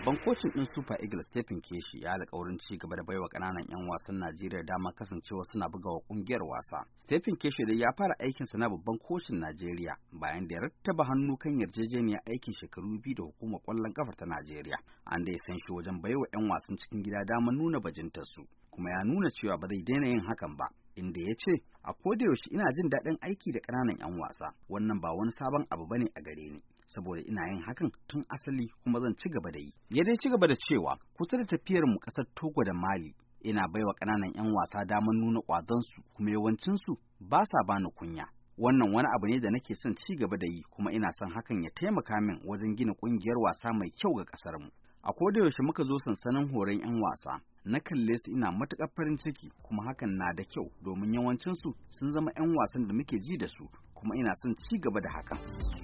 Babban kocin din Super Eagles Stephen Keshi ya alƙawarin ci gaba da baiwa ƙananan 'yan wasan Najeriya dama kasancewa suna bugawa ƙungiyar wasa. Stephen Keshi dai ya fara aikinsa na babban kocin Najeriya bayan da ya rattaba hannu kan yarjejeniya aikin shekaru biyu da hukumar ƙwallon ƙafar ta Najeriya. An dai san shi wajen baiwa 'yan wasan cikin gida dama nuna su, kuma ya nuna cewa ba zai daina yin hakan ba. inda ya ce a kodayaushe ina jin daɗin aiki da ƙananan 'yan wasa wannan ba wani sabon abu bane a gare ni saboda ina yin hakan tun asali kuma zan ci gaba da yi. Ya dai ci gaba da cewa kusa da tafiyar mu ƙasar Togo da Mali ina baiwa ƙananan 'yan wasa damar nuna ƙwazonsu kuma yawancinsu ba sa bani kunya. Wannan wani abu ne da nake son ci gaba da yi kuma ina son hakan ya taimaka min wajen gina ƙungiyar wasa mai kyau ga ƙasar mu. A yaushe muka zo sansanin horon 'yan wasa, na kalle su ina matuƙar farin ciki kuma hakan na da kyau domin yawancinsu sun zama 'yan wasan da muke ji da su kuma ina son ci gaba da hakan.